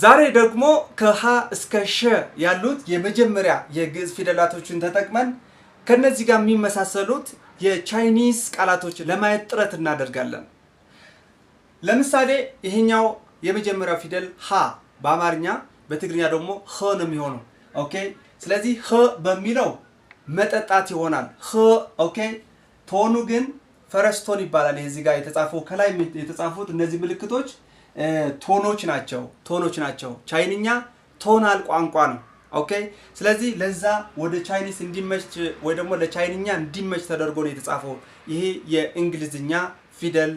ዛሬ ደግሞ ከሀ እስከ ሸ ያሉት የመጀመሪያ የግዕዝ ፊደላቶችን ተጠቅመን ከነዚህ ጋር የሚመሳሰሉት የቻይኒዝ ቃላቶች ለማየት ጥረት እናደርጋለን። ለምሳሌ ይሄኛው የመጀመሪያው ፊደል ሀ በአማርኛ በትግርኛ ደግሞ ህ ነው የሚሆነው። ኦኬ። ስለዚህ ህ በሚለው መጠጣት ይሆናል። ህ ኦኬ። ቶኑ ግን ፈረስቶን ይባላል። ይሄ እዚህ ጋር የተጻፈው ከላይ የተጻፉት እነዚህ ምልክቶች ቶኖች ናቸው ቶኖች ናቸው። ቻይንኛ ቶናል ቋንቋ ነው። ኦኬ ስለዚህ ለዛ ወደ ቻይኒስ እንዲመች ወይ ደግሞ ለቻይንኛ እንዲመች ተደርጎ ነው የተጻፈው ይሄ የእንግሊዝኛ ፊደል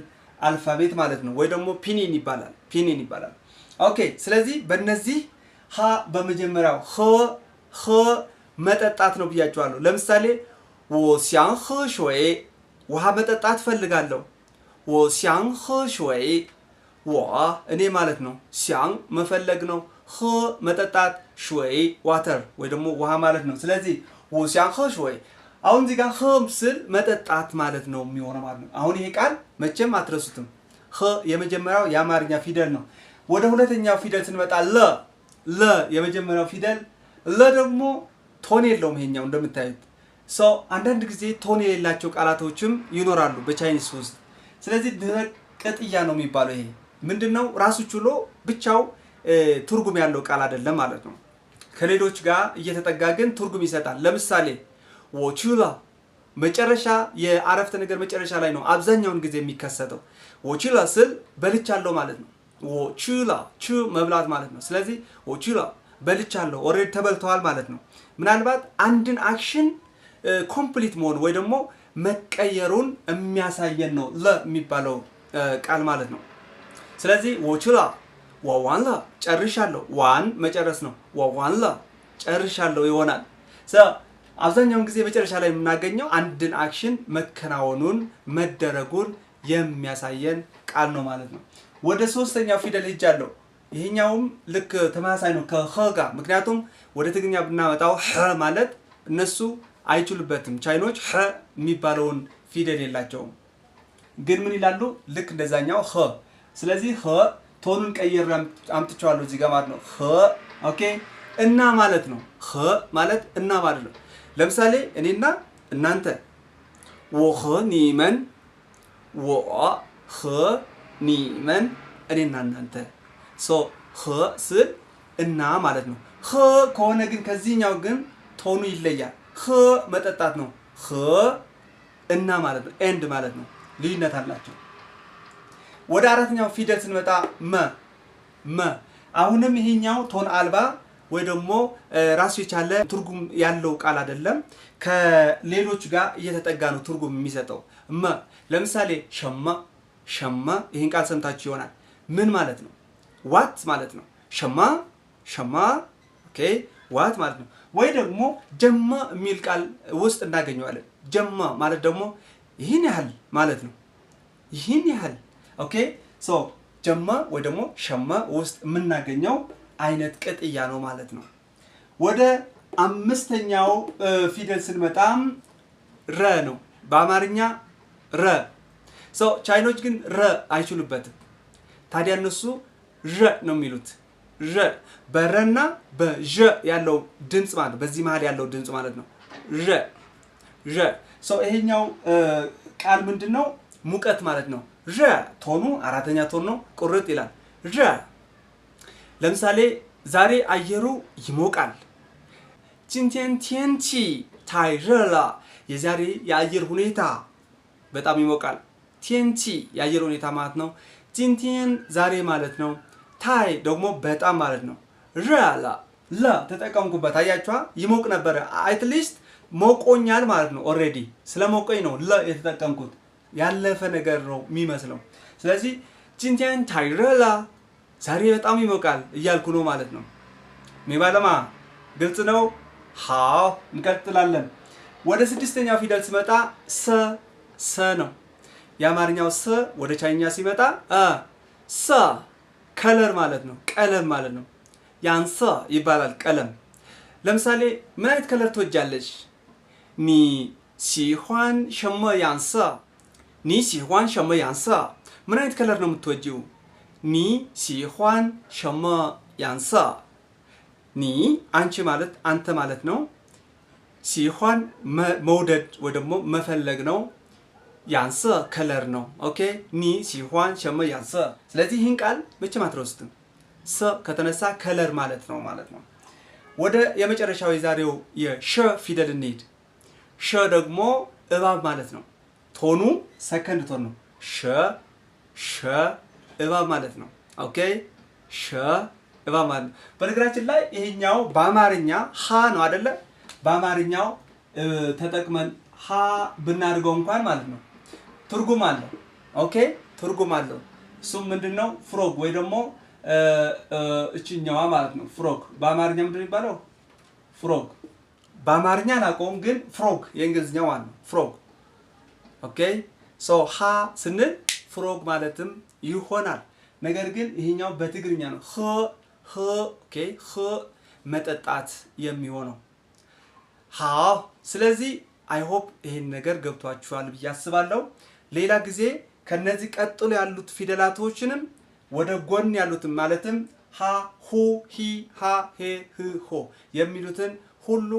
አልፋቤት ማለት ነው። ወይ ደግሞ ፒኒን ይባላል ፒኒን ይባላል። ኦኬ ስለዚህ በእነዚህ ሀ በመጀመሪያው ህ መጠጣት ነው ብያቸዋለሁ። ለምሳሌ ሲያን ኸ ሾይ ውሃ መጠጣት ፈልጋለሁ። ሲያን ኸ ሾይ ወ እኔ ማለት ነው። ሲያንግ መፈለግ ነው። ህ መጠጣት፣ ሽወይ ዋተር ወይ ደግሞ ውሃ ማለት ነው። ስለዚህ ውሲያን ህ ሽወይ አሁን እዚህ ጋር ህ ምስል መጠጣት ማለት ነው የሚሆነ ማለት ነው። አሁን ይሄ ቃል መቼም አትረሱትም። ህ የመጀመሪያው የአማርኛ ፊደል ነው። ወደ ሁለተኛው ፊደል ስንመጣ ለ ለ የመጀመሪያው ፊደል ለ ደግሞ ቶን የለውም። ይሄኛው እንደምታዩት ሰው አንዳንድ ጊዜ ቶን የሌላቸው ቃላቶችም ይኖራሉ በቻይኒስ ውስጥ። ስለዚህ ድረቅ ቅጥያ ነው የሚባለው ይሄ ምንድነው ራሱ ችሎ ብቻው ትርጉም ያለው ቃል አይደለም ማለት ነው። ከሌሎች ጋር እየተጠጋ ግን ትርጉም ይሰጣል። ለምሳሌ ወቹላ መጨረሻ የአረፍተ ነገር መጨረሻ ላይ ነው አብዛኛውን ጊዜ የሚከሰተው። ወቹላ ስል በልቻለሁ ማለት ነው። ወቹላ ቹ መብላት ማለት ነው። ስለዚህ ወቹላ በልቻለሁ፣ ኦልሬዲ ተበልተዋል ማለት ነው። ምናልባት አንድን አክሽን ኮምፕሊት መሆን ወይ ደግሞ መቀየሩን የሚያሳየን ነው ለ የሚባለው ቃል ማለት ነው። ስለዚህ ወቹላ ወዋንላ ጨርሻለሁ። ዋን መጨረስ ነው። ወዋንላ ጨርሻለሁ ይሆናል። አብዛኛውን ጊዜ መጨረሻ ላይ የምናገኘው አንድን አክሽን መከናወኑን መደረጉን የሚያሳየን ቃል ነው ማለት ነው። ወደ ሶስተኛው ፊደል ሄጃለሁ። ይሄኛውም ልክ ተመሳሳይ ነው ከኸ ጋር። ምክንያቱም ወደ ትግርኛ ብናመጣው ኸ ማለት እነሱ አይችሉበትም። ቻይኖች ኸ የሚባለውን ፊደል የላቸውም። ግን ምን ይላሉ? ልክ እንደዛኛው ኸ ስለዚህ ህ ቶኑን ቀየር አምጥቼዋለሁ እዚህ ጋር ማለት ነው። ህ ኦኬ። እና ማለት ነው። ህ ማለት እና ማለት ነው። ለምሳሌ እኔና እናንተ ወህ ኒመን ወ ህ ኒመን እኔና እናንተ ሶ ህ ስል እና ማለት ነው። ህ ከሆነ ግን ከዚህኛው ግን ቶኑ ይለያል። ህ መጠጣት ነው። ህ እና ማለት ነው። ኤንድ ማለት ነው። ልዩነት አላቸው። ወደ አራተኛው ፊደል ስንመጣ መ መ አሁንም ይሄኛው ቶን አልባ ወይ ደግሞ ራሱ የቻለ ትርጉም ያለው ቃል አይደለም። ከሌሎች ጋር እየተጠጋ ነው ትርጉም የሚሰጠው መ። ለምሳሌ ሸማ ሸማ፣ ይህን ቃል ሰምታችሁ ይሆናል። ምን ማለት ነው? ዋት ማለት ነው። ሸማ ሸማ፣ ኦኬ፣ ዋት ማለት ነው። ወይ ደግሞ ጀማ የሚል ቃል ውስጥ እናገኘዋለን። ጀማ ማለት ደግሞ ይህን ያህል ማለት ነው። ይህን ያህል ኦኬ ሶ ጀማ ወይ ደግሞ ሸማ ውስጥ የምናገኘው አይነት ቅጥያ ነው ማለት ነው። ወደ አምስተኛው ፊደል ስንመጣም ረ ነው። በአማርኛ ረ ሰው ቻይኖች ግን ረ አይችሉበትም። ታዲያ እነሱ ዠ ነው የሚሉት ዠ በረና በዠ ያለው ድምፅ ማለት በዚህ መሀል ያለው ድምፅ ማለት ነው። ዠ ይሄኛው ቃል ምንድን ነው? ሙቀት ማለት ነው። ዠ ቶኑ አራተኛ ቶን ነው። ቁርጥ ይላል። ዠ ለምሳሌ ዛሬ አየሩ ይሞቃል። ጂንቴን ቲንቲ ታይረላ የዛሬ የአየር ሁኔታ በጣም ይሞቃል። ቲንቲ የአየር ሁኔታ ማለት ነው። ጂንቴን ዛሬ ማለት ነው። ታይ ደግሞ በጣም ማለት ነው። ላ ለ ተጠቀምኩበት። አያችኋ ይሞቅ ነበረ። አትሊስት ሞቆኛል ማለት ነው። ኦሬዲ ስለ ሞቆኝ ነው ለ የተጠቀምኩት። ያለፈ ነገር ነው የሚመስለው። ስለዚህ ጅንቲያን ታይረላ ዛሬ በጣም ይሞቃል እያልኩ ነው ማለት ነው። ሜባለማ ግልጽ ነው። ሀው እንቀጥላለን። ወደ ስድስተኛው ፊደል ሲመጣ ሰ ሰ ነው። የአማርኛው ሰ ወደ ቻይኛ ሲመጣ ሰ ከለር ማለት ነው፣ ቀለም ማለት ነው። ያንሰ ይባላል ቀለም። ለምሳሌ ምን አይነት ከለር ትወጃለች? ኒ ሲሆን ሸመ ያንሰ ኒ ሸመ ያንሳ ምን አይነት ከለር ነው የምትወጂው? ኒ ሸመ ያንሳ ማለት አንተ ማለት ነው። ሲኋን መውደድ ወይ ደግሞ መፈለግ ነው። ያንሰ ከለር ነው። ኦኬ ኒ ሲኋን ሸመ ያንሰ። ስለዚህ ይህን ቃል መቼም አትረውስትም። ሰ ከተነሳ ከለር ማለት ነው ማለት ነው። ወደ የመጨረሻው የዛሬው የሸ ፊደል እንሂድ። ሸ ደግሞ እባብ ማለት ነው። ቶኑ ሰከንድ ቶን ነው። ሸ ሸ እባብ ማለት ነው። ኦኬ ሸ እባብ ማለት ነው። በነገራችን ላይ ይሄኛው በአማርኛ ሀ ነው አይደለ? በአማርኛው ተጠቅመን ሀ ብናድርገው እንኳን ማለት ነው ትርጉም አለው። ኦኬ ትርጉም አለው። እሱም ነው? ፍሮግ ወይ ደግሞ እችኛዋ ማለት ነው ፍሮግ። በአማርኛ ምንድን የሚባለው ፍሮግ። በአማርኛ አላውቀውም፣ ግን ፍሮግ የእንግሊዝኛው ነው ፍሮግ ኦኬ ሶ ሃ ስንል ፍሮግ ማለትም ይሆናል። ነገር ግን ይሄኛው በትግርኛ ነው ህ ህ ኦኬ ህ መጠጣት የሚሆነው ሃው። ስለዚህ አይ ሆፕ ይሄን ነገር ገብቷችኋል ብዬ አስባለሁ። ሌላ ጊዜ ከነዚህ ቀጥሎ ያሉት ፊደላቶችንም ወደ ጎን ያሉትን ማለትም ሃ ሁ ሂ ሃ ሄ ህ ሆ የሚሉትን ሁሉ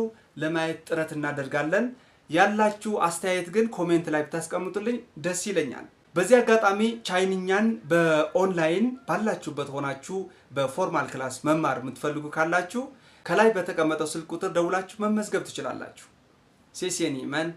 ለማየት ጥረት እናደርጋለን። ያላችሁ አስተያየት ግን ኮሜንት ላይ ብታስቀምጡልኝ ደስ ይለኛል። በዚህ አጋጣሚ ቻይንኛን በኦንላይን ባላችሁበት ሆናችሁ በፎርማል ክላስ መማር የምትፈልጉ ካላችሁ ከላይ በተቀመጠው ስልክ ቁጥር ደውላችሁ መመዝገብ ትችላላችሁ። ሴሴኒ መን